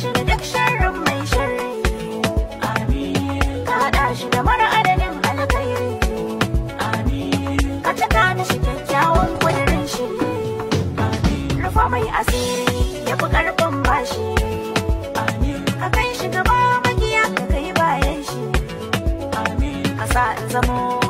shi da duk sharrin mai sharri ka haɗa shi da mara adadin alkhairi ka cika ni shi kyakkyawan kudirin shi rufa mai asiri ya fi ƙarfin bashi ka kai shi gaba magiya ka kai bayan shi ka sa zamo